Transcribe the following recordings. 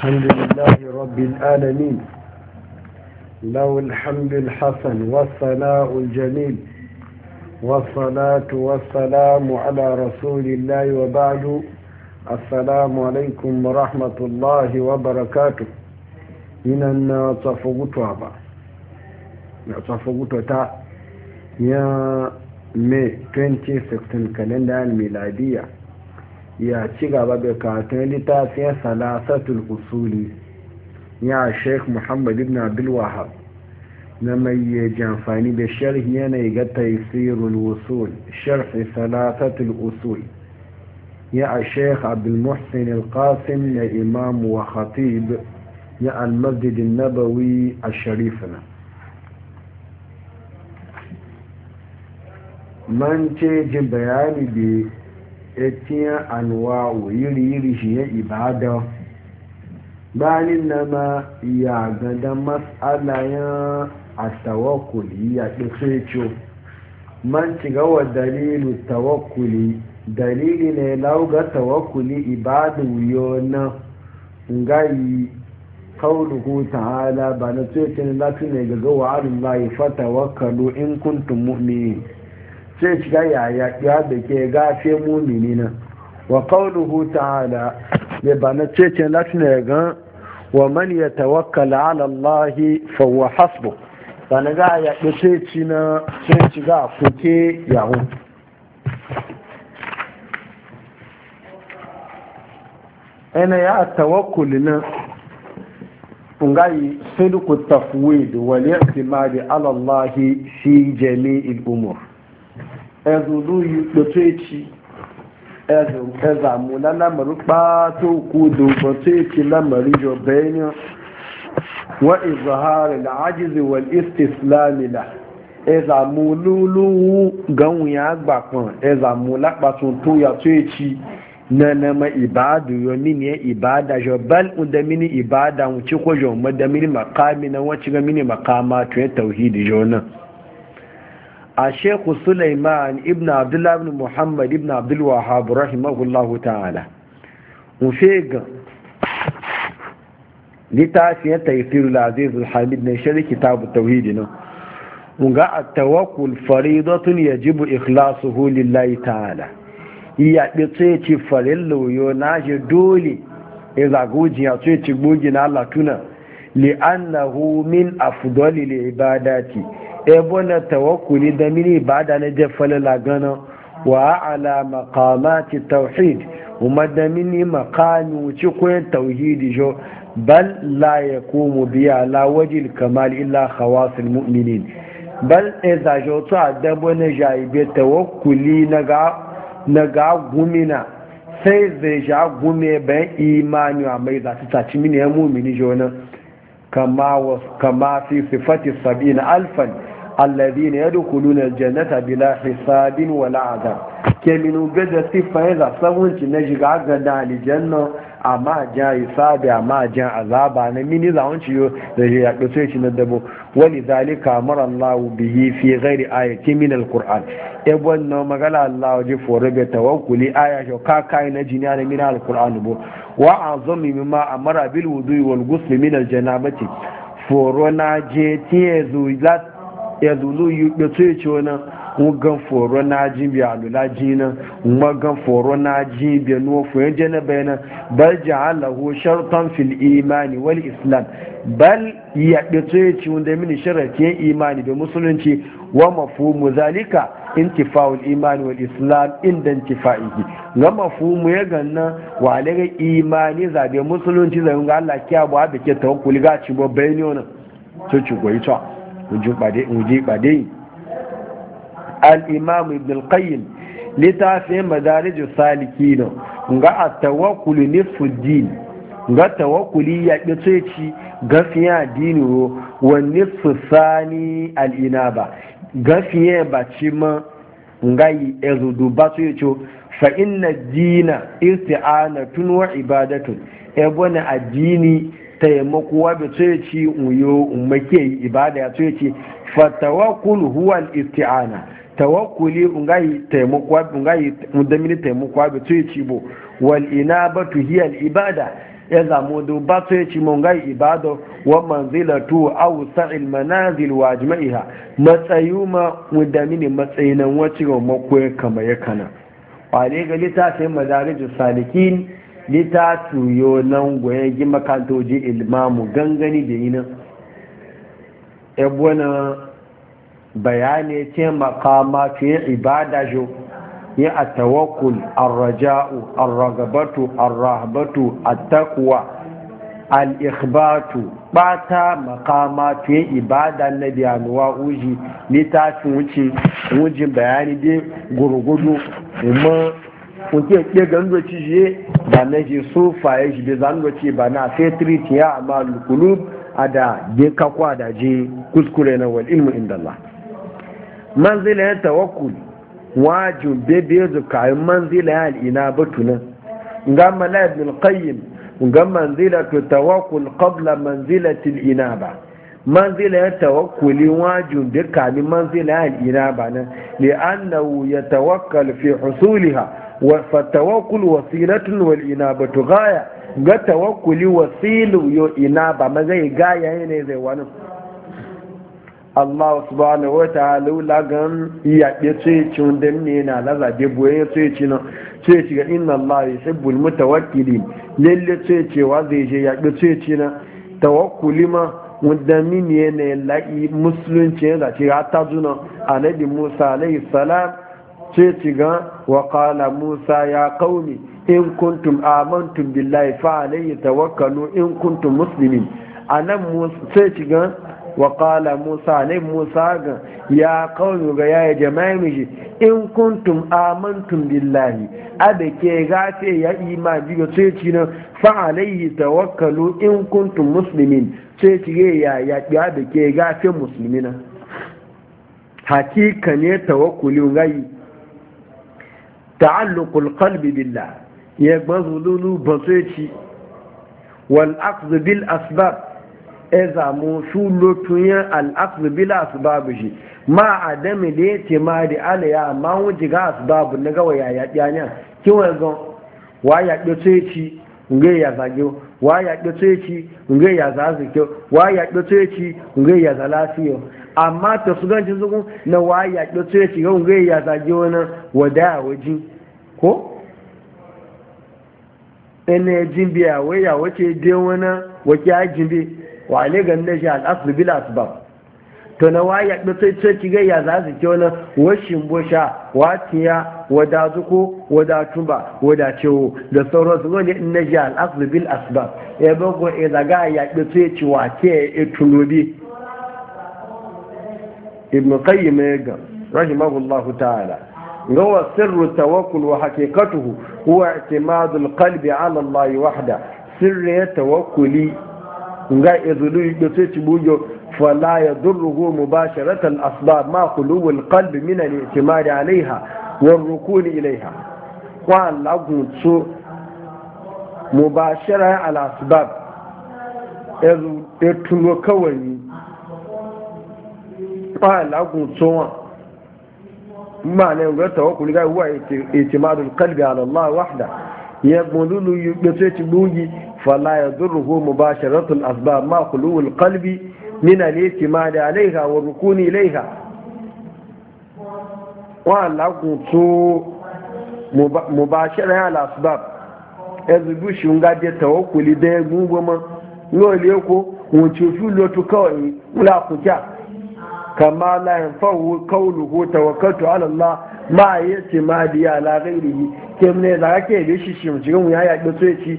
الحمد لله رب العالمين له الحمد الحسن والثناء الجميل والصلاة والسلام على رسول الله وبعد السلام عليكم ورحمة الله وبركاته من النصفقت وابا نصفقت وتا يا مي 2016 كالندر الميلادية ya ci gaba da katon littafin salasatul usuli ya sheikh muhammad ibn abdulwahab na mai ya jamfani da sharhi yanayi ga taisirul usul sharhi salasatul usul يا الشيخ عبد المحسن القاسم يا إمام وخطيب يا المسجد النبوي الشريفنا من تيجي بياني etiyan anuwa yiri yiri shi ya ibada bayanin na ma ya gada matsalayen a tawakuli ya ƙi man ciga wa dalilu tawakuli dalili ne lauga tawakuli ibadu yona ngayi kauluhu ta'ala ba na tsoye ne ne ga gawa alullahi fatawakkalu in kuntum mu'minin sai shiga yaya ya da ke gafe mumini nan wa qawluhu ta'ala ne ba na cece latin ga wa man yatawakkal ala Allah fa huwa hasbu sana ga ya da cece na sai ga kuke yahu ina ya tawakkul na ngai sidqu tafwid wal i'timad ala Allah fi jami'il umur ezulu yukpoto eci ezamu na lamarin ɓata uku da ukpoto eci lamarin jobenia wa izahari da ajizi wal istis ezamu luluwu ganwu ya gbakon ezamu lakpasun to ya to eci na nama ibadu yo mini ya ibada jo bal unda mini ibada wuce ko jo ma da makami na wacce ga mini makama to ya tauhidi jo nan a sheku suleiman ibn abdullahi ibn muhammad ibn abdullahab rahimahullahu ta'ala ga ya taifirul aziz hamid na shirin kitabu tauhidi nan nga a tawakul faridatun ya jibu ikhlasuhu lillahi ta'ala iya ɗi ce farin lauyo na shi dole ya zagoji ya ce ci gogi na latuna li'annahu min afdolil ibadati ebola tawakuli da mini da na falala lagana wa ala maqamati tauhid kuma da mini maqami wuce koyan tauhidi jo bal la yakumu bi ala wajil kamal illa khawasil mu'minin bal eza jo to adabo na jaibe tawakkuli na ga gumina sai zai ja gume ban imani a mai za ta ci mini ya mu'mini jo kama fi sifati sabina alfan alladhina yadkhuluna aljannata bila hisabin wala adab keminu gada sifa yana sabunci na shiga ga da aljanna amma ja hisabi amma ja azaba na mini za zawon yo da ya kace shi na dabo wani zalika amara Allah bihi fi ghairi ayati min alquran e wannan magana Allah ji forobe tawakkuli aya ka kai na jiniya na min alquran bo wa azami mimma amara bil wudu wal ghusl min aljanabati foro na je tie zu ya zulu yi ɓeto ya ce wani wugan foro na jin biya alula jina magan foro na jin biya nuwa na jana bayanan bal jahalahu shartan fil imani wal islam bal ya ɓeto ya ce wanda mini sharatiyar imani da musulunci wa mafhumu zalika intifa'ul imani wal islam inda intifa'ihi ga mu ya ganna wa alaga imani zabe musulunci zai ga Allah kiya ba da ke tawakkuli ga ci babbai ne wannan to ci goyi to wuji ɓade al’imamu ibn al-qayyim littafin madarij saliki na ga a tawakuli nifuddin ga tawakuli ya ƙi ci gafiya dini ro wani al'ina ba gafiya ba ci ma yi ezudu ba su yi co fa inna dina isti'ana tun wa ibadatun ebona na addini taimako wa bi sai ci uyo umake ibada ya sai ci fa tawakkul huwa al-isti'ana tawakkuli ungai taimako ungai mudamini taimako wa bi sai ci bo wal inabatu hiya al-ibada ya zamu da ba su ci ci mungai ibado wa manzilatu aw sa'il manazil wa ajma'iha matsayu ma mudamini matsayinan wacce ga kamar yakana ya kana wale ga littafin madarijus salikin lita tuyo nan goyen gi makantoji ilmamu gangani da yinan ebwana bayani ce makama fiye ibada jo ya a tawakul arraja'u arragabatu arrahabatu attaqwa al-ikhbatu bata makama fiye ibada na biyanuwa uji ta wuce wujin bayani dai gurgudu umar mutum ke gando ci je ba na je so ya shi bai zanu ce ba na sai triti ya amma lukulub a da je kakwa da je kuskure na wal ilmu inda Allah manzila ya tawakkul wajin bebe da kayan manzila ya al'ina batunan ga mala ibn qayyim ga manzila tu tawakkul qabla manzila al-inaba manzila ya tawakkuli wajin dukkanin manzila ya al'inaba nan li annahu yatawakkal fi husuliha fatawakul wasilatun wal to gaya ga tawakkuli wasilu yo inaba zai gaya ne zai wani Allah subhanahu wa ta'ala la gan ya ce cin dan ne na za de boye ce ce na ce ce ga inna Allah yuhibbul mutawakkilin lalle ce ce wa zai je ya ce ce na tawakkuli ma mudamin ne ne la'i musulunci ne ya ce ya tazuna annabi Musa alayhi salam ce ci ga wa musa ya kauni in kuntum amantum billahi fa alayhi tawakkalu in kuntum muslimin anan nan sai ci ga wa musa ne musa ga ya qaumi ga ya jama'i mishi in kuntum amantum billahi abe ke ga ce ya ima biyo sai ci na fa alayhi tawakkalu in kuntum muslimin sai ci ga ya ya da ke ga ce muslimina hakika ne tawakulun gai ta'alluqul qalbi billah ya gbazululu basoci wal aqd bil asbab e zamu su lotunya al aqd bil asbab shi ma adami da yace ma da ala ya ma wuce ga asbab na ga waya ya tsanya kin wa ga wa ya tsoci nge ya zagyo wa ya tsoci nge ya zazike wa ya tsoci nge ya na wa ya ya na waji ko ene jimbi a waya wace dai wani wake a jimbi wa ale ga nne shi al'asu bil asbab to na waya da sai ce ki ga ya za su ke wani washin bosha watiya wada zuko wada tuba wada cewo da sauran su wani nne shi al'asu bil asbab ya e bago ya e zaga ya da sai ci wake ya e tunobi ibn qayyim ya ga rahimahullahu ta'ala هو سر التوكل وحقيقته هو اعتماد القلب على الله وحده سر التوكل ga izulu da sai ci bujo fala ya durruhu mubasharata al-asbab ma qulubu al-qalb min al-i'timad alaiha wa ar-rukun ilaiha wa mu ba asbab kawai ma'ana yin gwata wa kuliga huwa itimadu kalbi ala Allah wahda ya yi ya ce ci bugi fala ya zurruhu mubasharatul asbab ma kuluwul kalbi nina al-itimadi alaiha wa rukuni ilaiha wa Allah kun so mubashara ala asbab shi nga de tawakkuli da gungo ma lo le ko mun ci fi lotu kawai wula kuja kama la yanfa'u qawluhu tawakkaltu ala Allah ma yace ma diya la yi kem ne da kake bi shi shi mu ya yaƙi so yaci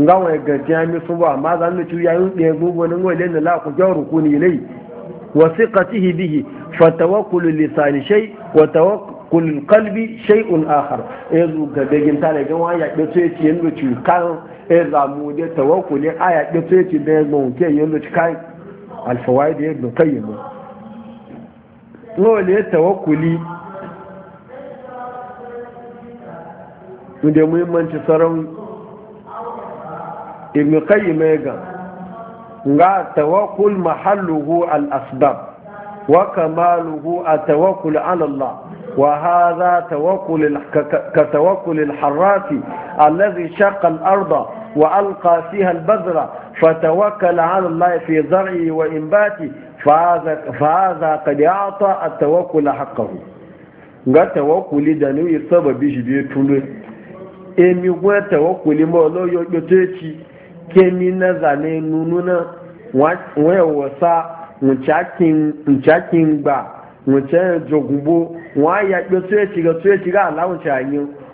nga wa gajiya mi sun ba ma zan ci ya yin ɗaya gugu nan wa lalla la ku jaru ku ni lai wa siqatihi bihi fa tawakkulu lisan shay wa tawakkulu qalbi shay'un akhar yanzu eh, ga begin ta eh, da gan wa yaƙi so yaci yanzu ci kan e zamu da tawakkuli aya yaƙi so yaci da yanzu ke yanzu ci kai alfawaid ibn qayyim dole ya tawakuli da muhimmanci sarari ibn ga tawakul mahaluhu mahalluhu al-asbab wa kamaluhu a tawakul alallah Allah wa hadha ka tawakul harrafi a alladhi shakal arba. وألقى فيها البذرة فتوكل على الله في زرعه وإنباته فهذا, فهذا قد أعطى التوكل حقه ga tawakkuli da nuyi sababi shi biyu tunu emi gwa tawakkuli ma oloyo yotoci kemi na zane nununa waya wasa ncakin gba ncakin ya ga ga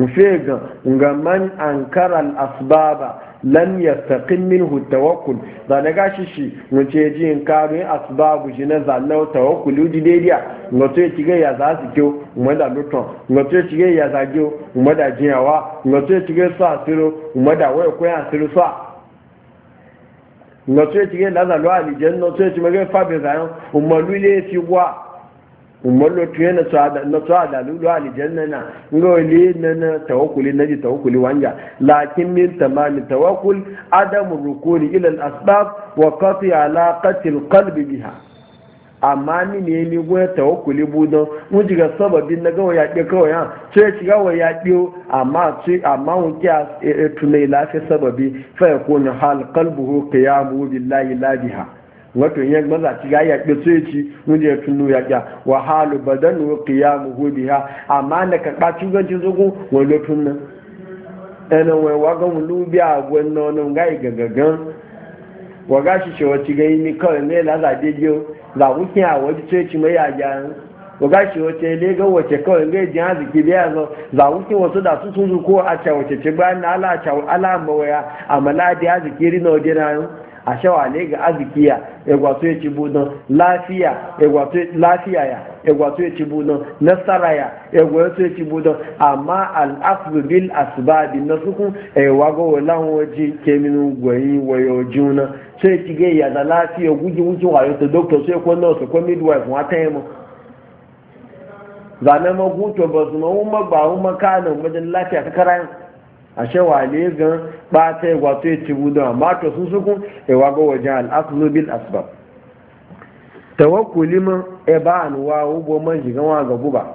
وفيه ومن أنكر الأسباب لم يستقم منه التوكل ذا زانغا شيشي ونتيجي انكار أسباب جنزة زانو توكل ودي ديديا نتيجي يا زاسكيو ومدا لوتون نتيجي يا زاجيو ومدا جياوا نتيجي ساسيرو ومدا ويكويا سيرو سا nọtú ẹtì gẹ lásàlọ àlìjẹ nọtú ẹtì mẹgẹ مغير فابي زيان ومالولي wá umarlo lotu yana na tsada lulu alijanna na ngoli na na tawakuli na wanja lakin min tamami tawakkul adamu rukuni ilal asbab wa kafi alaƙatil kalbi biha amma ni ne ni go tawakkuli budo mun jiga sababin na gawa yaƙe kawai ha sai ya shiga wa yaƙe amma ci amma mun kiya e, e, tunai lafi sababi fa yakunu hal qalbuhu qiyamu billahi la biha wato onye maza ci ga ya ke so ya ci wani ya tunu ya wa halu badan wa qiyamu ha amma na lotun nan wai mu lubi a na ga gagagan wa ga shi cewa ci ga ni kawai ne la za za a ci mai ya ga wa ga shi wace le ga wace kawai aziki da za wasu da su sun a na ala a ala mawaya a shawa ne ga azikiya ya gwato ya ci budon lafiya ya ya gwato ya ci budon nasara ya ya gwato ya ci budon amma al'afu bil asbabi na suku ya e wago walan waje keminu gwayi wayo juna sai ci ga ya da lafiya guji wuce wayo ta doctor sai ko nurse ko midwife wata yamma zanen maguto ba su ma'umma ba umma wajen lafiya ta karayan ashe wale gan bata wato ya ci budan a to sun sukun ewa ga wajen al'aslu bil asbab tawakkuli man e ba anwa ubo man jigan wa ga guba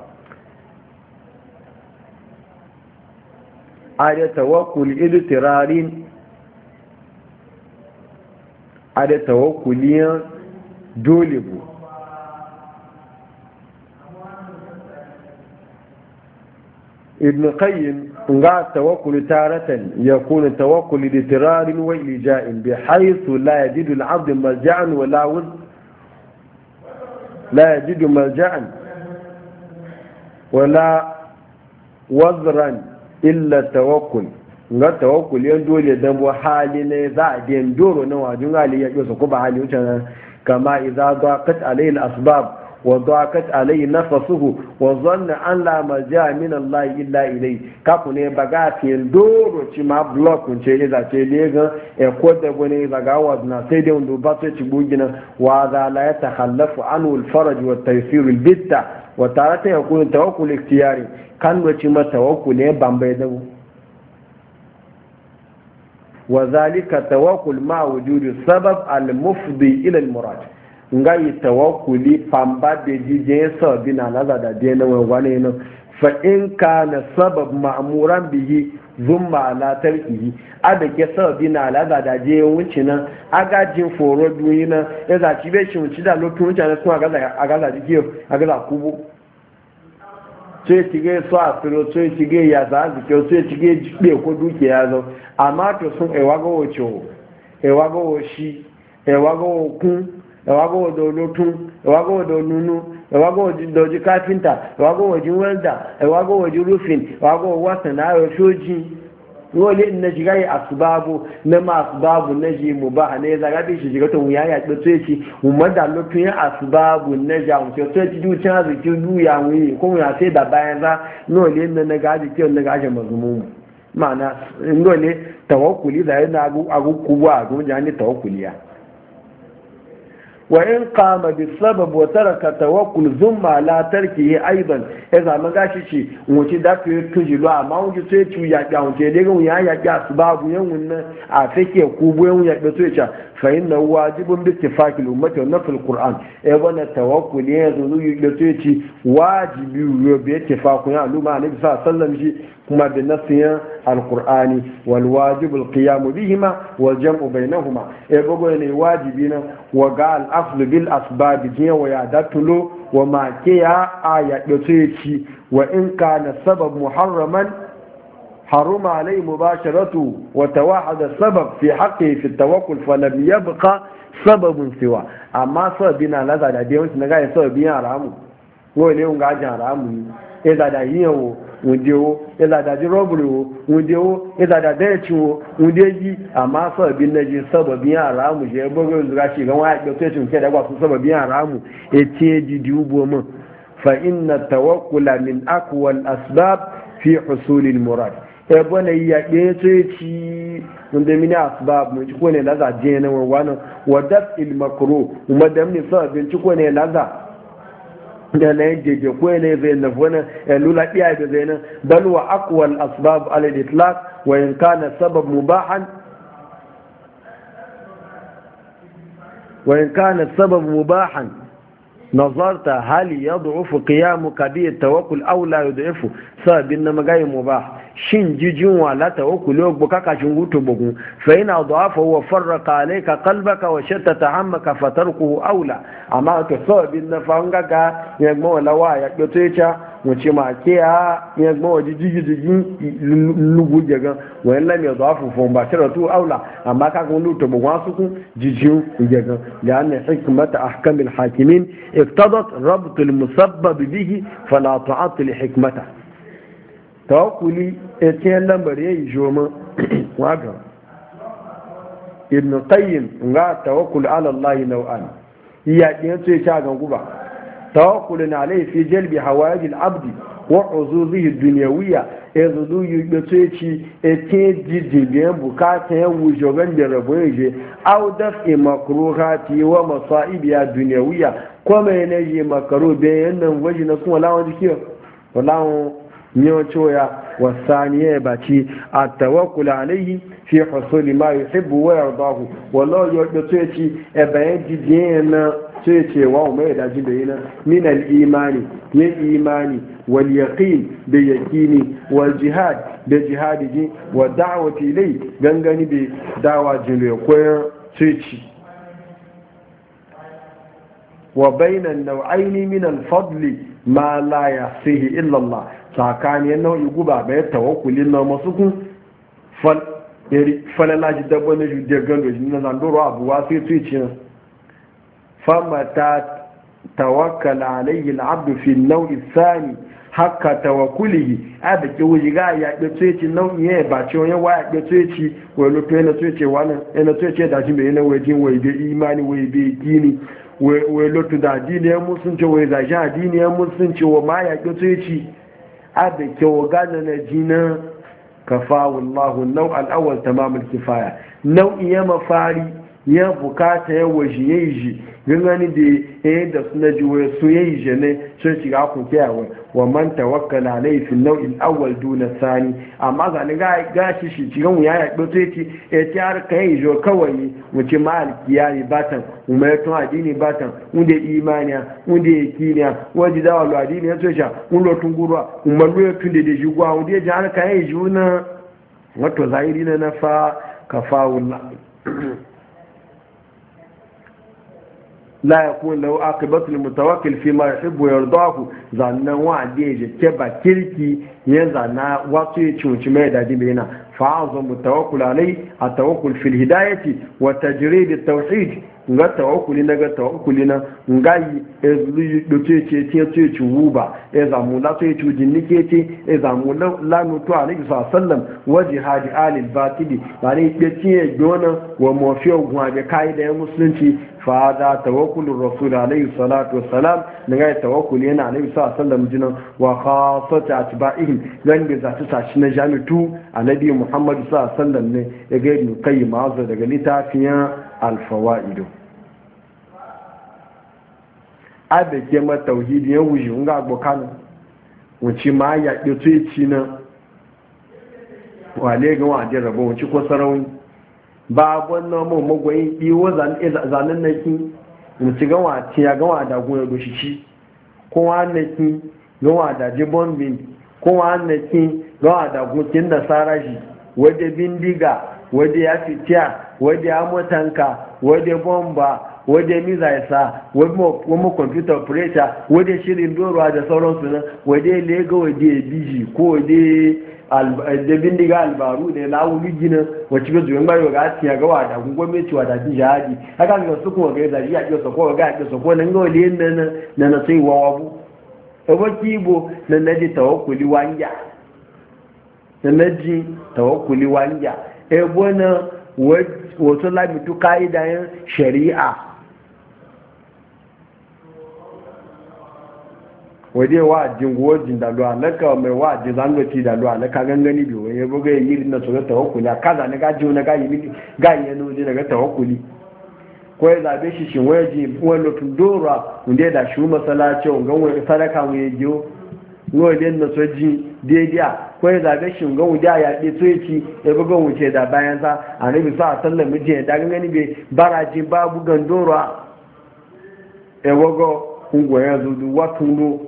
ada tawakkul iltirarin ada tawakkuliyan dole bu ibn qayyim nga tawakkulu taratan yakunu tawakkulu li tirarin wa ilja'in bi haythu la yajidu al-'abd malja'an wa la wud la yajidu malja'an wa la wazran illa tawakkul nga tawakkul yan dole dan bo hali ne za a den doro na wajin hali ya ko ba hali wuce kama idza qat alayhi al-asbab wa dakat alayhi nafsuhu wa zanna an la maja min Allah illa ilayhi ka ku ne baga ti ndoro ci ma block kun ce za ce le ga e ko da gone za ga wa na sai dai ndo ba sai ci bugina wa za la yatakhallafu an al-faraj wa taysir al-bitta wa tarata yakun tawakkul ikhtiyari kan wace ma tawakkul ne bambai da wa zalika tawakkul ma wujudi sabab al-mufdi ila al-murad nga yi tawakkuli famba da jijiyar sababi na laza da biya na na fa in ka na sabab ma'amuran bihi zun na tarkihi a da na laza da je wuce na agajin foro duniya nan ya zaci bai shi wuce da lokacin wuce na suna agaza jikiyo ci a firo ci ya za ci ko zo ẹ̀wàgọ́wọ̀ dọ̀lótún olotu, dọ̀lúnú ẹ̀wàgọ́wọ̀ onunu, káfíńtà ẹ̀wàgọ́wọ̀ jí wẹ́ldà ẹ̀wàgọ́wọ̀ jí rúfin ẹ̀wàgọ́wọ̀ wọ́sàn láàrọ̀ sójì wọ́n lé na shiga yi asubabu na ma asubabu na ji mu ba ne zaga bi shi shiga to mu yaya pe to yi mu mada lotun ya asubabu na ja mu to yi du cha zu ki du ya mu yi ko mu ya sai da bayan za no le na na gaji ki na gaji mazmumu mana ngole tawakkuli da yana wa in qama bi sabab wa taraka tawakkul zumma la tarkihi aidan e za man gashi shi wuci da ke tuji lo amma wuci sai tu ya ga wuce daga wuya ya ga su babu yan wannan a fake ku bu yan ya ga to ya fa'in wajibin bisti fakil umarci na fil ƙur'an ya wani tawakkuli ya zo ya ce ce wajibi yau biyar ke ya aluma a nabi sa sallam shi kuma da nasiyan alƙur'ani wal wajibul qiyamu bihima wal jam'u bainahuma ya bago ne wajibi na wa ga al aslu bil asbab jiya wa ya datulo wa ma ke ya aya ya ce wa in kana sabab muharraman حرم عليه مباشرته وتوحد السبب في حقه في التوكل فلم يبقى سبب سواه أما سببنا لا زاد بيون سنغاي سببنا رامو wọ́ọ̀lẹ́ òun gajẹ́ àràmù ní ìdàdà yíyàn wo òǹdí owó ìdàdà dí rọ́bùrì wo òǹdí owó ìdàdà dẹ́ẹ̀tì wo òǹdí èyí àmọ́ sọ̀rọ̀ bí nẹ́jì sọ̀rọ̀ bí àràmù yẹ gbọ́dọ̀ ìzúra ṣe ìrànwọ́ àgbẹ̀ tó ẹ̀sùn kẹ́ẹ̀dá wà fún sọ̀rọ̀ bí àràmù etí èjì di ugbó mọ̀ fa inna tawakkula min akwal asbab fi husulil murad ebe na yi yaƙe ce ci wanda mini asbab mun ci kone laza je na wani wadaf il makro kuma da mini sa bin ci kone laza da na yi e jeje zai na wani lula iya da zai na wa akwal asbab alal wa in kana sabab mubahan wa in kana sabab mubahan نظرت هل يضعف قيامك به التوكل او لا يضعفه سبب انما جاي مباح shin jijin walata wa kulo bu kaka shin wuto bugu fa ina dhafa wa farraqa alayka qalbaka wa shattata hammaka ku aula amma to so bin na fanga ga ya la wa ya kyoto mu ce ma ke ya ya gmo jiji jigin lugu jaga wa illa me dhafu fo ba tu aula amma ka kun lutu bugu wasu ku jijin jaga da anna hikmata ahkamil hakimin iftadat rabt al musabbab bihi fala ta'at li hikmata tawakkuli etiyan lambar ya yi joma waga ibn qayyim nga tawakkul ala allah naw'an iya ɗin sai ta ga guba tawakkulun alayhi fi jalbi hawajil abdi wa uzuzihi dunyawiyya ezudu yugbe ci etiyan jijibiyan bukata ya wujo gan da rabo ya je aw daf'i makruhati wa masa'ibiya dunyawiyya kuma yana yi makaro bayan nan waji na kuma lawon jikiyo lawon نيوتشويا والثانية باتي التوكل عليه في حصول ما يحب ويرضاه والله يوتشي أبعد دينا تيتي واو ميدا جبينا من الإيمان بالإيمان واليقين باليقين والجهاد بجهاد جين والدعوة إليه جنجاني بدعوة جنجاني تيتي وبين النوعين من الفضل ما لا يحصيه إلا الله tsakaniyar nau'i guba bai tawakulin na masu kun falala shi dabba na judiyar gando shi na zandoro abuwa sai tuici na fama ta tawakkala alayhi al'abdu fi nau'i sani haka tawakulihi a da ke wuji ga ya ɗe tuici nau'i ya ba ce wani wa ya ɗe tuici wani lutu yana tuici wani yana tuici da shi bai yana wajin wai bai imani wai bai gini wai lutu da adiniyar musulunci wai zashi adiniyar musulunci wa ma ya ɗe tuici abe kyau gane na jina kafa wallahu nau al'awar tamamul kifaya nau'i ya mafari ya bukata ya waje ya yi gani da ya da suna ji wa su ya yi jane sun shiga kun kiyawa wa man tawakkala alai fi nau'in awwal duna sani amma zani ga ga shi shi cikin ya ya to yace e ti har kai zo kawai wuce maliki ya yi batan mu ya tun adini batan unde imaniya unde kiniya waji zawa wa addini ya tsosha mun lo mun kuma lo tun da da wanda ya ji har kai juna wato zahiri na fa ka fa wula la yakun lahu aqibatu lil mutawakkil fi ma yuhibbu yardahu zannan wa de je ke ba kirki ya zanna wato ya cuci mai dadi bina fa azamu tawakkul alai atawakkul fil hidayati wa tajrid at tawhid nga tawakkuli na ga tawakkuli na nga ngai ezlu dote ce ce ce ci wuba e zamu la ce ci jinni ke ce e zamu la no to alaihi sallam wa jihad alil batili bari ke ce gona wa mafiyo gwa ga kai da musulunci fada da tawakkulur rasul alayhi salatu wassalam ne ga tawakkuli yana alayhi sallallahu alaihi wasallam jinan wa khasata atba'ihim dan da zata sashi na jami'tu annabi muhammad sallallahu alaihi wasallam ne ya ga ibn qayyim azza daga litafiyan al-fawaid abe ke ma tauhidi ya wuji ga abokan wuci ma ya ci na wale ga wa rabo wuci ba gwanna eh, mu magwai biwo zanen na ki mutu gawa ce ya gawa da gona da shi kowa na gawa da jibon bin kowa na gawa da gukin da sara shi wadda bindiga wadda ya fitiya wadda ya motanka wadda bomba wadda miza sa wadda kwamfuta operator wadda shirin doruwa da sauransu nan wadda lega wadda biji ko wadda Eh, da bindiga albaru ne wuli gina wacce bai zuwa mai ga tiya ga wa ku gwamnati wa ji jihadi haka ga su kuma ga zaji a kiyo sako ga kiyo sako nan ga wali e nan na na sai wa wabu e ba kibo na naji tawakkuli wanja na naji tawakkuli wanja e na wato lamitu kaidayen shari'a waje wa'ajin gwajin da luwa laka mai wa'ajin zangoci da luwa laka gangani biyu wani yabo gaya yi na tsoron tawakuli a kaza na gaji wani gayi mini gayi yana waje daga tawakuli ko ya zabe shi shi wani ji wani lufin dora wanda ya da shi masalaci wanga wani sadaka wani ya jiyo wani yana soji daidai ko ya zabe shi wanga wanda ya yaɗe so ya ci ya e buga wuce da bayan sa a nabi sa a sallar mijin e da gangani bai baraji babu gandora e ya wago ungoya zudu watun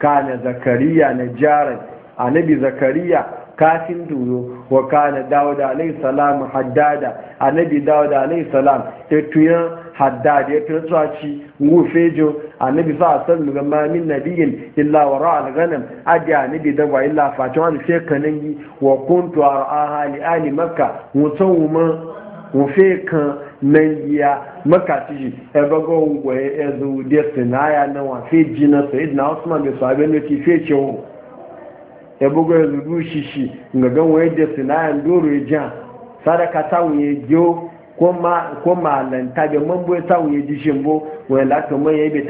kana zakariya na jaran annabi zakariya kafin duro wa kana dawuda alayhi salam haddada annabi dawuda alayhi salam etuya haddada etuya tsaci ngufejo annabi sa sallu ga min nabiyin illa wa ra'al ghanam adi annabi dawa illa fatan wani sai kanangi wa kuntu araha li ali makka mutawuma wufe kan nan yiya makaci e ugbo ẹzu dẹsẹ n'aya na wọn fe jina sayid na osman bẹ sọ abẹ ní ti fe ṣe wọn ẹgbẹgbẹ ẹzu du ṣiṣi ngagan wọn dẹsẹ sadaka táwọn yẹ jẹ ko malanta da ya samu ya jishin bo wani lati man ya yi bai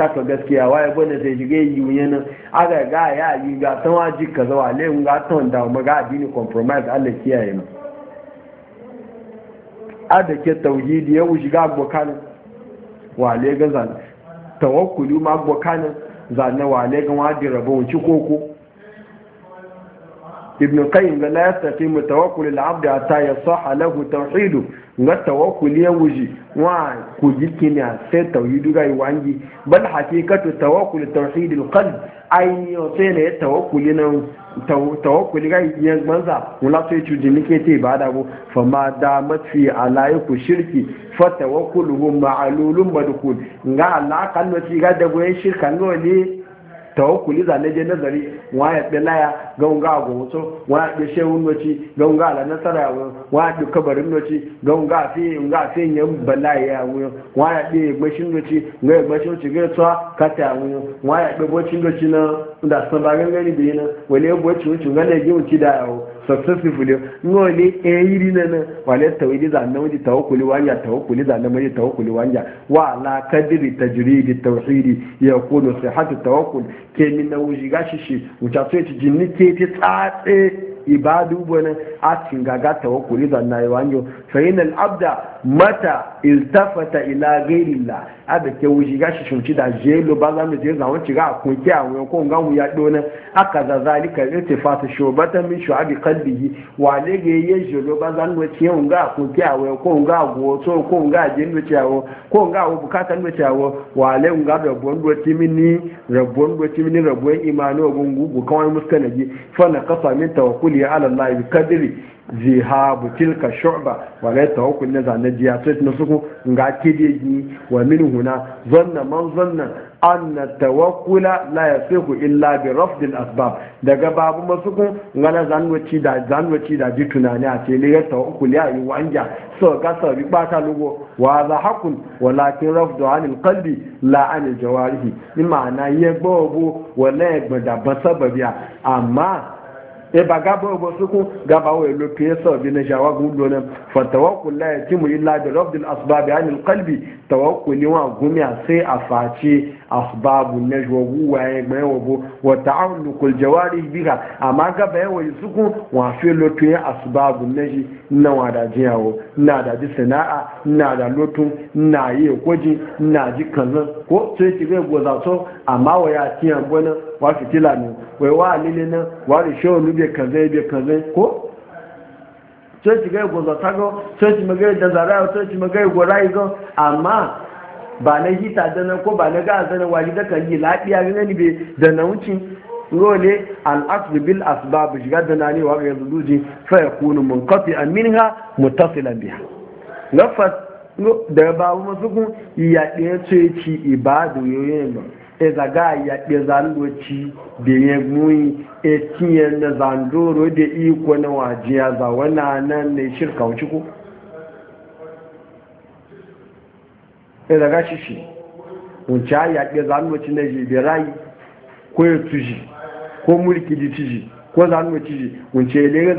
ya aga ga ya ga san wa jika zawa lai da ma ga adini compromise Allah kiyaye adake tauhidi ya wuce ga agbokanin wale ga zane tawakkuli ma agbokanin zane wale ga wadi rabu wuce koko ibn qayyim ga la yastaqimu tawakkul al-abd hatta yasah lahu tauhidu ga tawakkul ya wuce wa ku a sai tauhidu ga wangi bal haqiqatu tawakkul tauhid Tauhidu kan ainihin sai yi tawakkuli na tawakkuli ga yin manza su yi cuji nike te ibada go fa ma da matfi ku shirki fa tawakkuluhu ma'lulun madkhul nga Allah kan no ci ga da go shirka no ne tawakkuli za ne je nazari wa ya bilaya ga unga a gomoto wa ya be shehu no ci ga nga ala nasara wa ya kabarin no a ga nga fi nga fi yan yawon wa ya be gbashin noci ci ga gbashin ci ga tsa kata wa ya be gbashin noci na da san ba gangani da yana wale ya buwaci wuce ngana yi wuce da yawo no ne e eh, yiri na na wale tawidi za na wuce tawakkuli wanya tawakkuli za na mai tawakkuli wanya wa la kadri tajridi tawhidi ya kunu sihhatu tawakkul ke min na wuji gashi shi wuce sai ci jinni ke ti tsatse ibadu wani a cingaga tawakkuli zanna yi wanyo fa'in al'abda mata iltafata ila gairila la da ke wuce ga shi shunci da jelo ba za mu je zama ci ga kunke a wuyan kun gamu ya dona aka za zalika irtifata shobatan min shu'abi qalbihi wa ne ga ye jelo ba za mu ci yun ga kunke a wuyan kun ga goto kun ga jin ci awo kun ga wo bukata mu ci awo wa le un ga da bondo timini rabon do timini rabon imani ogun gugu kawai muskanaji fa na kasa min tawakkul ya ala Allah bi kadri jihabu tilka shu'ba wa la tawakkul na zanna jiya sai na suku ga ji wa min huna zanna man zanna anna tawakkula la yasihu illa bi rafd al asbab daga babu masuku ngala zanwaci da zanwaci da ji tunani a ce ne ya tawakkul ya yi wanja so ga bi bata lugo wa za hakun walakin rafdu an al qalbi la an al jawarihi imma na yegbo wala egbada basababiya amma e ba gaba ba su ku gaba wa lo piyasa bi na jawa gun dona fa tawakkul la yatimu illa bi rabbil asbab anil qalbi tawakkuli wa gumiya sai a face asbabun najwa waye mai bo wa ta'alluqul jawarih biha amma ga bayan wai yusuku wa fi lotu ya asbabun najwa na wada jiyawo na da ji sana'a na da lotu na yi kwaji na ji kanzan ko sai ki ga goza so amma waya tiyan bona wa fitila ne we wa lile na wa ri sho kazai be kanzan ko sai ki ga goza tago sai ki magai da zara sai ki magai gorai go amma ba na hita nan ko ba na ga dana wani da kan yi lafiya gani be da na wucin role bil asbab shiga da na ne wa ga yanzu duji fa yakunu an minha muttasilan biha nafas da ba mu sukun ya ɗaya ce ci ibadu yoyin e zaga ya zando ci da ya muyi e kiyar da zandoro da iko na wajiya za wani nan ne shirka wuci ko ya daga shi shi wunci a yaƙe zanuwaci na ji berayi ko ya ko mulki ji tuji ko zanuwaci ji wunci ya lera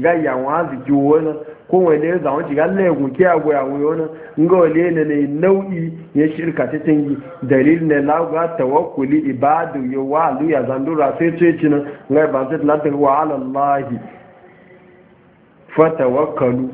ga yawon arziki wani ko wani lera zanuwaci ga laye gunki a goya wani nga na ne nau'i ya shirka ta tangi dalil na lagwa tawakkuli ibadu ya walu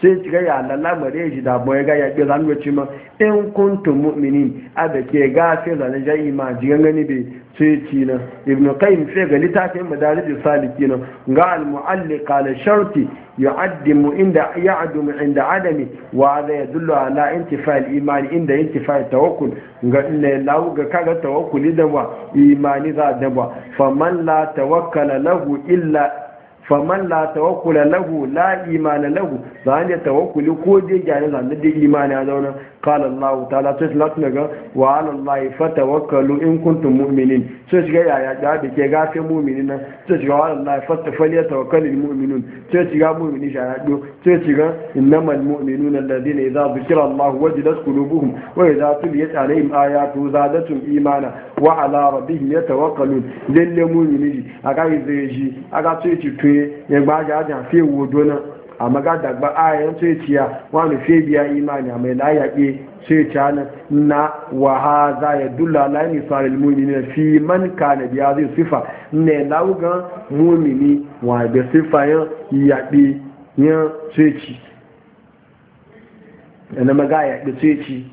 sai ci ga ya lalla mare shi da boye ga ya ke zan wuce ma in kuntum mu'minin a da ke ga sai zan ja ima ji gangani bai sai ci na ibn qayyim sai ga litafin madarij na, ga al mu'alliq ala sharti yu'addimu inda ya'dumu inda adami wa hadha yadullu ala intifail al iman inda intifa' al tawakkul ga inna lahu ga kaga tawakkuli da wa imani za da ba faman la tawakkala lahu illa faman la tawakkula lahu la imana lahu zan da tawakkuli ko dai gyara zan da imani a zauna قال الله تعالى تسلط لك وعلى الله فتوكلوا إن كنتم مؤمنين تسجى يا جابي كي غافي مؤمنين تسجى وعلى الله فليتوكل المؤمنون تسجى مؤمنين شهدوا تسجى إنما المؤمنون الذين إذا ذكر الله وجلت قلوبهم وإذا تليت عليهم آياته زادتهم إيمانا وعلى ربهم يتوكلون للمؤمنين أكا يزيجي أكا تسجى يبقى جاجا في ودونا a magadagba ayan sai ciya wani fe biya imani mai layaƙe sai ta na na waha za ya dula la ni saril na fi man na biya zai sifa ne laugan mu'mini wa da sifa yan yaɗe yan sai ci na maga yaƙe sai ci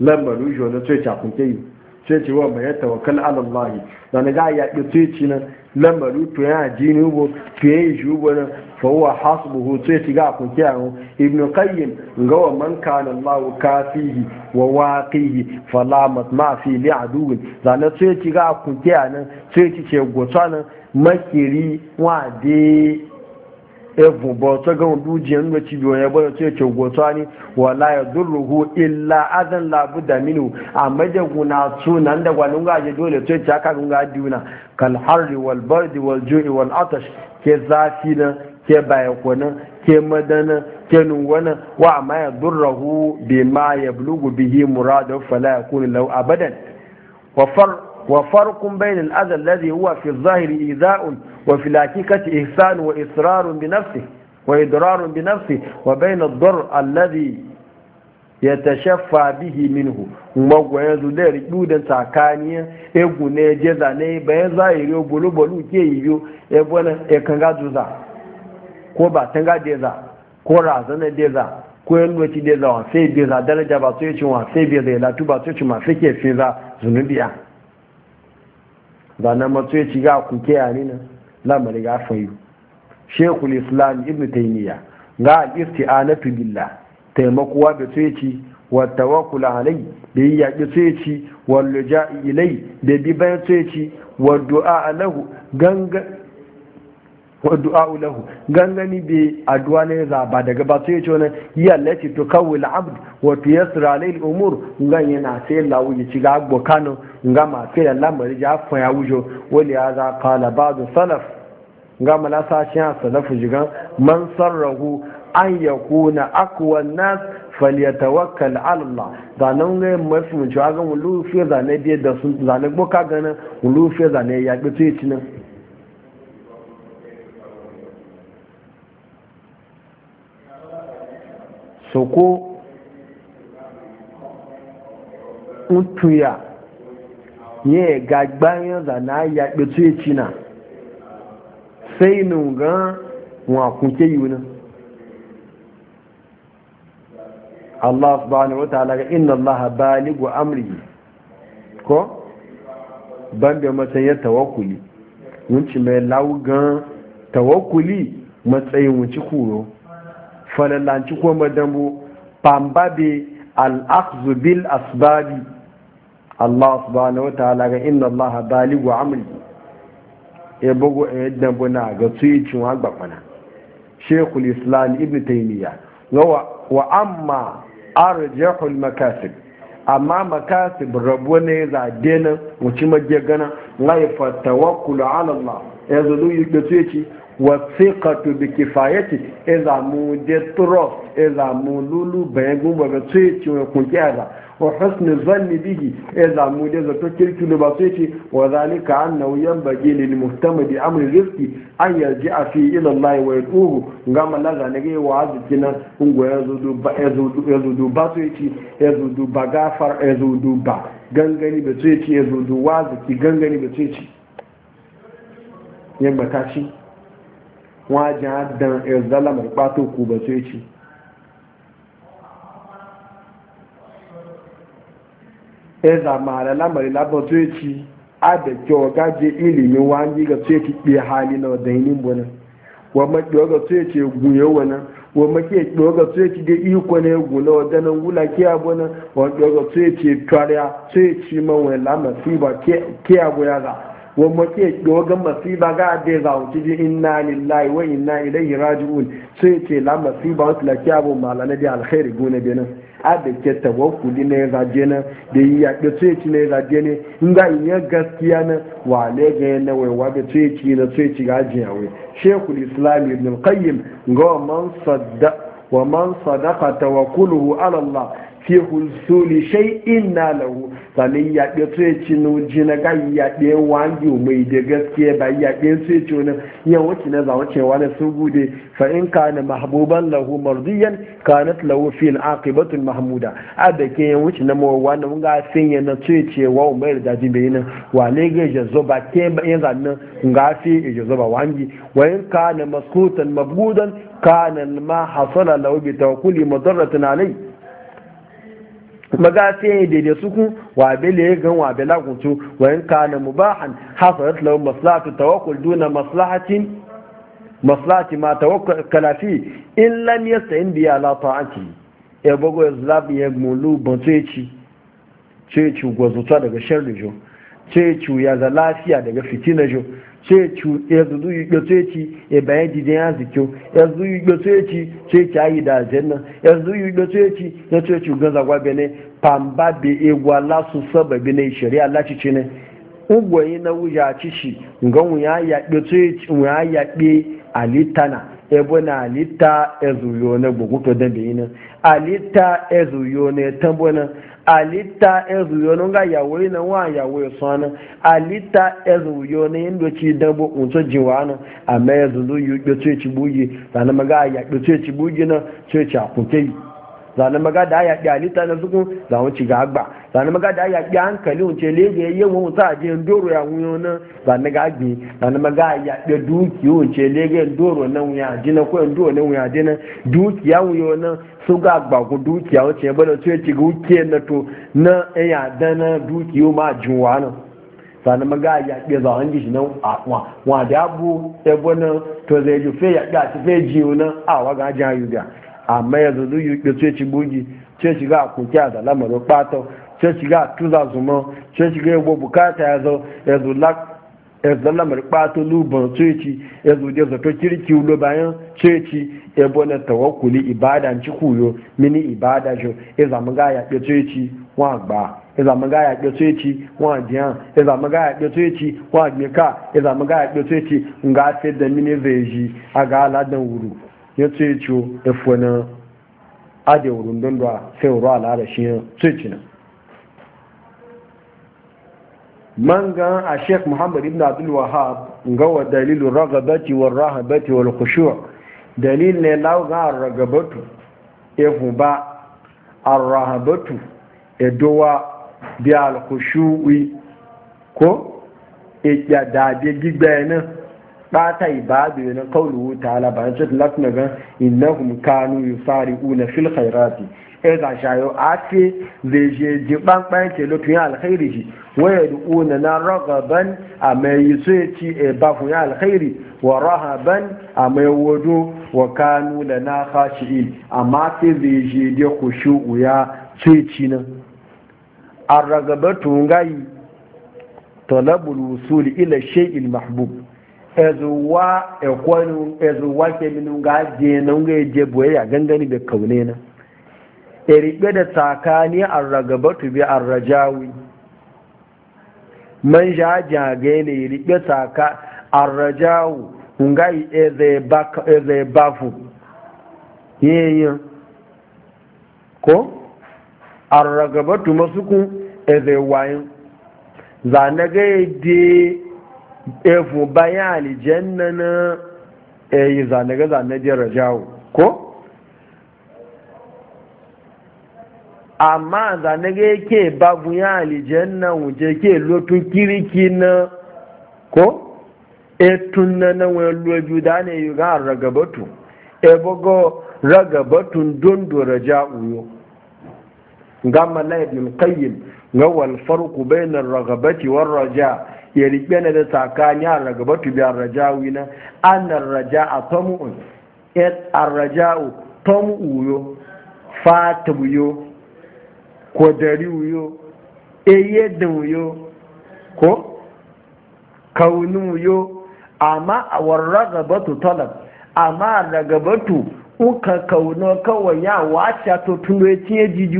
lambar rushe da sai ta kunke yi sai ci wa bayan tawakkal ala Allah da na ga yaƙe sai ci na lambar rufe ya jini ubo fiye yi shi ubo na فهو حسبه تيتيغا كوكيانو ابن قيم غو من كان الله كافيه وواقيه فلا ما في لعدو زانا تيتيغا كوكيانا تيتيغا غوتانا makiri wade efu bauta ga dujiyar da cibiyo ya bada ce ce gota ne wala ya durruhu illa adan la budda minu amaje guna tu nan da gwanin je dole to ce aka gunga diuna kal harri wal bardi wal ju'i wal atash ke zafi na ke bayakonan ke madana ke nungwana wa amma ya durrahu bi ma ya bulugu bihi muradu fala yakunu lahu abadan wa farkun wa farqun bayna al-adha alladhi huwa fi adh-dhahiri wa fi al-haqiqati ihsan wa israrun bi wa idrarun bi nafsihi wa bayna ad-darr bihi minhu magwa yanzu da riƙu da egu ne jeza ne bayan zahiri bulubulu ke yiwu ya na ekan ko ba tanga deza ko razana deza ko yalwaci deza wa sai deza daraja ba sai cin wa sai deza ya latu ba sai cin ma sai ke fi za zunubiya zanen sai ci ga kuke ya ne nan lamari ga fayu shekul islam ibn taymiya ga al anatu billah taimakuwa da sai ci wa tawakkul alai da yi yaƙi sai ci wa luja'i ilai da bi bayan sai ci wa du'a lahu ganga wa du'a'u lahu gangani bi addu'a ne za ba daga ba sai ce wannan ya lati kawul abd wa tiyasra alayhi al-umur ngan yana sai lawo ya ci gagbo kano nga ma sai lamari ja fa ya wujo wali hadha qala ba'd salaf nga sa shi salafu jigan man sarrahu an yakuna aqwa nas falyatawakkal ala Allah zanen ne mafi mun cewa ga mu lufe zane biyar da sun zane boka ganin mu lufe zane ya bi tuyi nan soko utuya ye gagbayan zana ya ɓetu ya e cina sai nungan wakunke yi wani Allah subhanahu wa ta'ala ga inna Allah baligu amri ko ban da matsayin tawakkuli mun ci mai laugan tawakuli matsayin wunci kuro falalanci ko madambo pamba be al'akzu bil asbabi Allah subhanahu wa ta'ala ga inna Allah baligu amri e bugu e dambo na ga tsuyicin wa gbakwana Sheikhul Islam Ibn Taymiyyah wa amma arjahul makasib amma makasib rabu ne za dena mu ci gana la ya ala Allah ya e zo duk da su wasiƙatu bi kifayati izamu de turo mu lulu bayan gumba ga tsaye ce wa kunki aza wa husnu zanni bihi izamu de zato kirkilu ba tsaye ce wa zalika annahu yanbaghi lil muhtamadi amri rizqi an a fi ila Allah wa yatuhu ngama la zane ga wa azkina ungo yazudu ba yazudu yazudu ba tsaye ce yazudu ba gafar yazudu ba gangani ba tsaye ce yazudu wa zaki gangani ba tsaye ce yamba kashi wọn ajá dán ẹ̀rọ̀dálàmà ipá tó kú bẹ̀ tó ẹ̀chí ẹ̀zà màrà lámàrí lábọ̀ tó ẹ̀chí adẹ̀kẹ́ ọ̀gájẹ́ ilimi wá ń yíga tó ẹ̀kí hali náà dẹ̀ na bọ̀ náà wọ́n mọ̀ pé ọgọ̀ tó ẹ̀chí egun yẹn wọ̀ náà wa mace dogon masiba ga adde za mu ci inna lillahi wa inna ilaihi raji'un sai ce la masiba wa tilaki abu malana da alkhairi gona bena adda ke tawakkuli ne zaje na da ya ke sai ci ne zaje ne in ga in gaskiya na wa le ga ne wai wa ga sai ci na sai ci ga jiya wai shekul islam ibn qayyim ga man sadda wa man sadaqa tawakkuluhu ala allah fi hulsuli shai inna lahu sanin ya ɗe tsaye ci na jina ga ya ɗe wangi mai da gaskiya ba ya ɗe tsaye ci wani yan wace na zama cewa na sun bude. fa in ka na mahabuban lahu mardiyan ka na lahu fi aqibatun mahmuda a da ke yan wace na mawawa na nga fin yana tsaye ci wa umar da jibe yana wa ne ga ya zoba ke ba yan zannan nga fi ya ba wangi wa in ka na maskutan mabgudan ka na ma hasala lahu bi tawakkuli madarratun alai sai ne daidai suku wa bele gan wa bela kuntu wa in kana mubahan hasarat lahu maslahatu tawakkul duna maslahatin maslahati ma tawakkala kalafi in lam yasta'in bi ala ta'ati e bogo zabi ya mulu bantuci chechu gozo tsada daga sharri jo chechu ya za lafiya daga fitina jo ceci yanzu yi ga ceci e bayan jijin ya zikiyo yanzu yi echi ceci ceci ayi da aljanna yanzu yi ga ceci ya ceci ga zagwa bene pamba be egwa lasu sababi ne shari'a ala chichi ne ugwayi na wuja ci shi ga wuya yaɓe ceci wuya alita na. ebe na alita ezuyo na gbogbo to dabe yi na alita ezuyo na na. alita ezuyo nun ga yawo na wa yawo sona alita ezuyo ne ndo ci dabo unso jiwana amma ezuyo yu gbe ci buji sana maga ya gbe ci buji na ci ci akute zane maga da ya ƙi halitta na zukun za wuce ga agba zane maga da ya ƙi hankali wuce lege ya yi wuta a jiyan doro ya wuyo na zane ga agbi zane maga ya ƙi duki wuce lege doro na wuya na ko doro na wuya duki ya wuyo na su ga agba ku ya wuce bada su ya ci ga wuke na to na ya dana dukiyo ma juwa na zane maga ya ƙi za wani shi na wa wa da abu ebo na to zai ji fe ya ƙi a ci fe jiyo na a waga jayu biya amma yanzu duk yi ɗe ce ci bugi ce shiga a kunkiya da lamarin ɓato ce shiga a tuza bukata ya zo yanzu yanzu lamar ɓato luban ceci zato kirki ulo bayan ceci yabo na tawakuli ibada ci kuyo mini ibada jo ya zama ga ya ɗe ceci ga ya ɗe ceci wa jiyan ya zama ga ya ɗe ceci wa gmika ya zama ga ya ɗe ceci nga sai da mini zai ji a ga aladan ya ce ci efu na wurin don da sai wuro al'ada shi ya ce ci na man ga a sheikh muhammad ibn abdul wahab ga wa dalilin ragabati wa rahabati wa lukushuwa dalil ne lau ga ragabatu efu ba rahabatu edowa dowa biya ko e ya dade gigbe na bata ibadu yana kaulu ala. ba ce lafiya ga innahum kanu yusari'una fil khairati e da shayo ake zai je jiban ban ke tun alkhairi shi waya duuna na ragaban a mai ci e ba fun alkhairi wa rahaban a wudu wa kanu lana khashi'in amma sai zai je da khushu'u ya ce ci nan arragabatu ngai talabul wusuli ila shay'il mahbub ezuwa ekwanu ezuwa ke minunga je nunga je boya gangani da kaune na e ribe da tsakani arragabatu bi arrajawi man ja jage ne ribe tsaka arrajawu ngai eze bak eze bafu yeyen ko arragabatu masuku eze wayin zanage de efu baya alijen na Eyi eh, zane-zane jin rajawo ko? amma zane ke babu ya na wuce ke lotun kiriki na ko? etun na na wani loju da ne yi ga ragabatu e bugo ragabatun dondo rajawo yo gama laifin kayyim ga walfarku bainar ragabati war raja ya riƙe na da tsakani a ragabatu biyar rajawi na annar raja'a tamu'un arraja'u tamu'uyo fatabuyo kodariuyo yo ko kaunuyo amma war ragabatu talab amma ragabatu uka kaunar kawai ya wace to tuno ya cinye jiji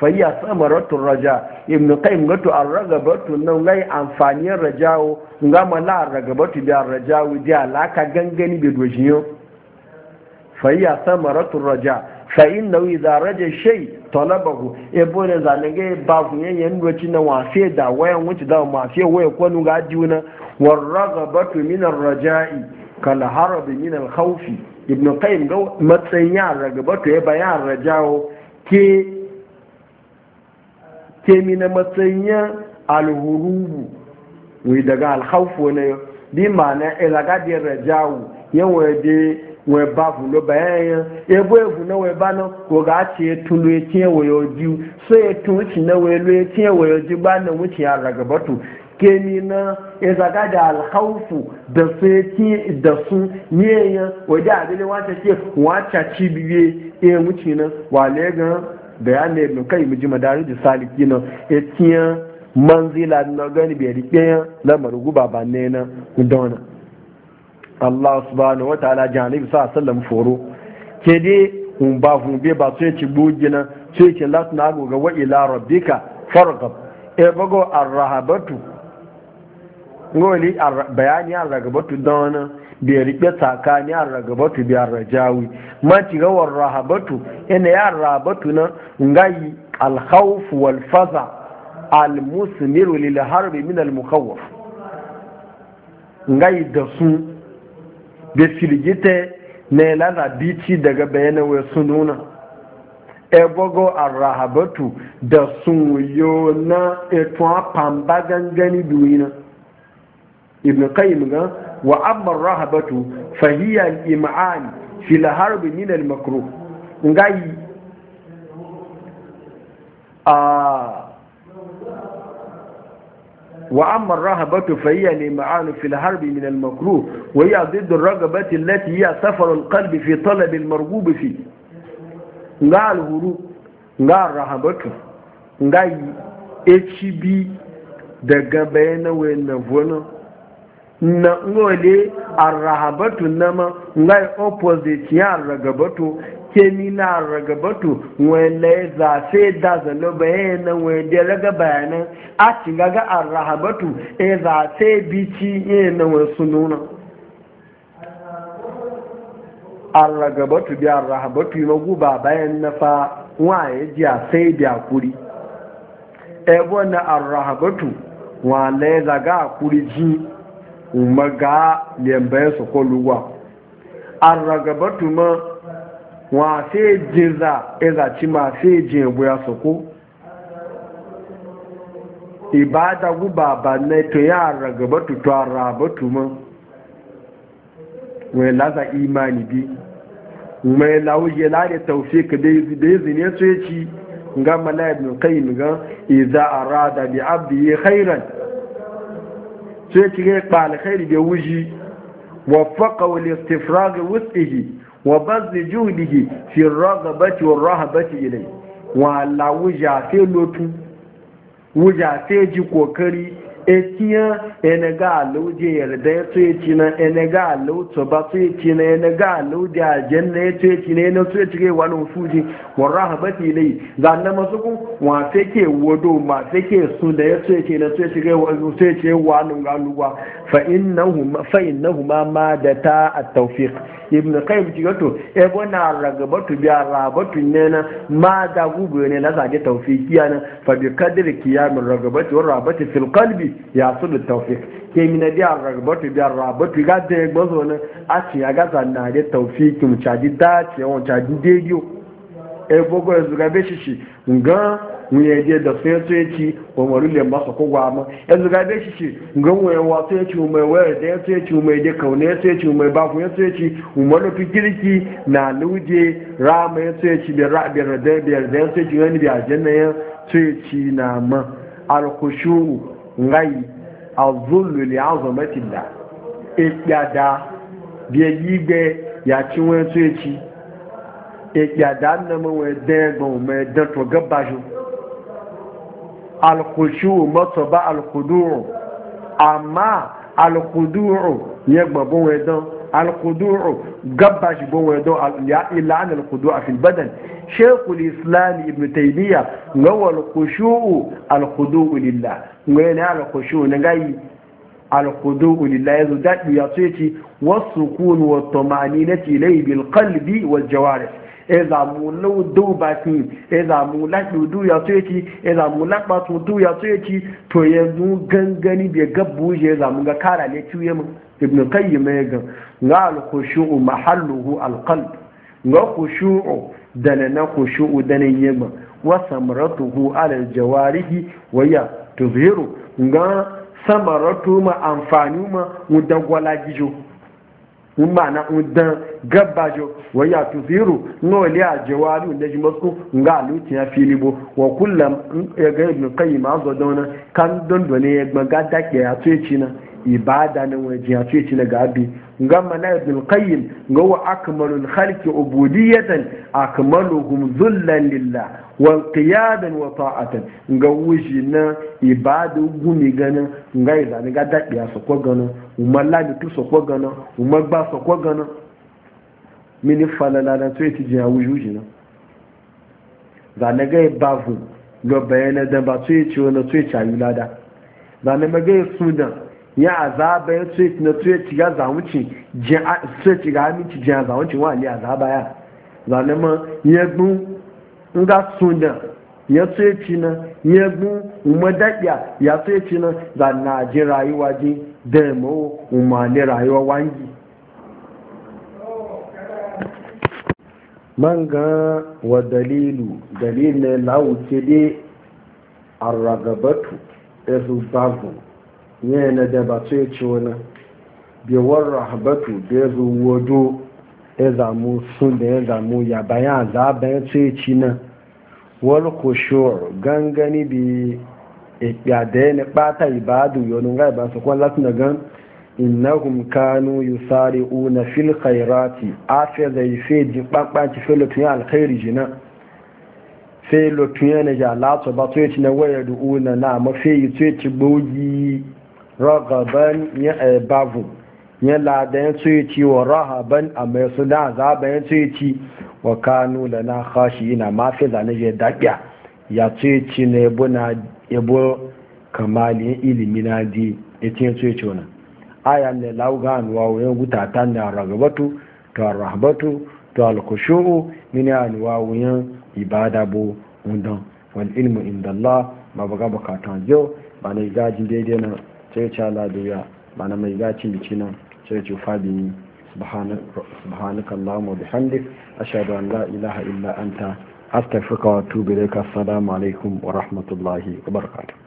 fayya samaratun raja ibn qayyim gato an ragabatu nan lai amfanin rajawo nga mala ragabatu da rajawo da alaka gangani da dojiyo fayya samaratun raja fa inna idza raja shay talabahu e bone zalenge ba kunye yen doci na wafe da wayan wuce da mafe waya ko ga juna war ragabatu min ar-raja'i kal harabi min al-khawfi ibn qayyim ga matsayin ya ragabatu e bayan rajawo ke kemi na matsayin alhurubu wai daga alhaufu ne bi ma'ana ilagadiyar rajawu yan waje wai ba fulo bayan ebo ebu na wai ba na waga ce tulu ya ce wai ojiu sai ya tuci na wai lo ya ce wai ojiu ba na wuce ya ragabatu kemi na izaga da alhaufu da sai da su ne yan waje abin wata ce wata cibiye e wuce na wale gan Da ya ne bayanin kai mu ji madarij ya etiyan manzila na gani bai rike lamar guba ba ne na gudana Allah subhanahu wataala janib sa sallam foro ke dai un ba fun be ba sai ci bugina sai ci latna go ga wa ila rabbika farqab e bago arrahabatu ngoli bayani an ragabatu da bai riƙe tsakani an ragabatu bai an rajawi maci gawar rahabatu ina ya rahabatu na ngayi alhaufu walfaza faza lil harbi min al mukhawaf ngayi da su da firgita ne lana bici daga bayanawar sununa ebogo arrahabatu da sun yo na eto apamba gangani duwina. ibn qayyim ga wa amma rahabatu fa hiya al-im'an fi al-harb min al-makruh ngai a وأما al فهي الإمعان في الحرب من المكروه وهي ضد الرغبة التي هي سفر القلب في طلب المرغوب فيه nga alhuru nga rahabatu nga yi hb daga bayanan wayan na na ngole arrahabatu nama ngai opposite ya arragabatu kemi na arragabatu wele za se da zalo bayana wele raga bayana, a cinga ga arrahabatu e za se bici yana wasu sununa, arragabatu bi arrahabatu yi guba bayan na fa waye a sai a kuri ebo na arrahabatu wale ga kuri ji umaga lembaye su koluwa Arraga ragabatu ma wa sai jinza izaci ma sai jin buya su ko ibada guba ba na to ya ragabatu to rabatu ma wai laza imani bi mai lawuje la da tawfik da izini su yaci ga ibn kai ga idza arada bi abdi khairan sai ki ya kpa alkhairi da wuji wa faqa wal istifrag wus'ihi wa bazz juhudihi fi ar wa raha rahabati ilai wa la wuja sai lotu wuja sai ji kokari etiya enega alu je yarda ya to yaci na enega alu to ba to yaci na enega alu da aljanna ya to yaci na ya to yaci ga wani fuji wa rahabati ilai zanna masu ku wa o wodo ma fake su da ya to yaci na to yaci ga wani to yaci na galuwa fa innahuma fa innahuma ma da ta a tawfiq ibn qayyim ci gato e bona ragabatu bi arabatu nena ma da gugu ne la zaje tawfiqiya na fa bi qadri qiyam ragabati wa rabati fil qalbi yasul tawfiq ke min da ragabatu bi arabatu ga de gbozo ne a ci ga na de tawfiqi mu chadi da ci on chadi de yo e bogo e zuga be shishi ngan nwunye e je da sai e e to yaci wa marule ba su kogwa ma yanzu ga dai shi ngan waye wa sai yaci mai ya sai mai da kaune sai yaci mai ba ku ya sai yaci fi kirki na luje rama ya sai yaci da rabi da da biya ya sai na ma al-khushu ngai azullu li azamatillah ikada ya ci wani alkushu mọ́tọ̀ bá alkuduru amma alkuduru yẹ gbọ̀gbọ́n wọn ẹ̀dán alkuduru gaba ṣùgbọ́n wọn ẹ̀dán ìlànà alkudu àfilbadan sheikul islam ibn taymiya ngọwọ alkushu na alkushu na gayi alkudu ulila ya zo daɗi ya wa tomani na tilai ẹ̀zàmù lówó dóòbá fi ẹ̀zàmù lápẹ̀dú yàtọ̀ ẹ̀kí ẹ̀zàmù lápàtúndú yàtọ̀ ẹ̀kí tó yẹ nù gangan níbi ẹ̀gẹ́bù yẹ ẹ̀zàmù ga kára lẹ́tí yẹ mọ́ ibùdó káyìí mẹ́gan nga alukoshu'u mahalluhu alqalb nga kushu'u dana na kushu'u dana yẹ mọ́ wasa maratuhu ala jawarihi waya tuzhiru nga samaratu ma amfani ma mudagwala gijo in ma'ana udan gabbajo wa ya tuziru no li a jawalu da ji masku nga aluti ya filibo wa kullum mm, ya ga ibn qayyim azo dona kan don ya gbaga dake ya tuci na ibada na waje ya tuci na gabi nga mana ibn qayyim nga wa akmalul khalqi ubudiyatan akmaluhum dhullan lillah wa qiyadan wa ta'atan nga wuji na ibada gumi ganin nga izani ga dake ya su ko ganin umar lamitu sokwa gana umar ba sokwa gana mini falala e na tsoye ti jiya wuju na gaya bavu ga bayana da ba na magaya e sudan ya azaba ya ya ya gbun nga sudan ya tsoye na ya gbun ya tsoye ci na na rayuwa da mawo umarni rayuwa wangi man ga wa dalilu dalilu ne lauce dai a ragabatu ezu bagu yana da ba ce ce wani bewar rahabatu da ya wado ya zamu sun da ya zamu ya bayan zaben ce ci nan wani kushur gangani bi yadda ne bata ibadu yonu ga ba su kwan na gan innahum kanu yusari'una fil khairati afiya da ife ji kpakpanci na ya ba na waya du'una na ma fe yi to yaci gbogi ragaban ya babu ya ladan to yaci wa rahaban a mai su da zaben to yaci wa kanu lana khashi ina ma fe zane je dakiya ya Ya yabo ya ilimi na di ya ce ce ce wani aya ne lauga anuwa wuyan guta ta na ragabatu to rahabatu to mini min anuwa wuyan ibada bo wundan Wani ilimin inda Allah ma baga bukatan yau ba na gajin daidai na sai ce ala ba na mai gaci biki nan sai ce fadi subhanaka Allahumma bihamdik ashhadu an la ilaha illa anta astaghfiruka wa atubu ilaika assalamu alaikum wa rahmatullahi wa barakatuh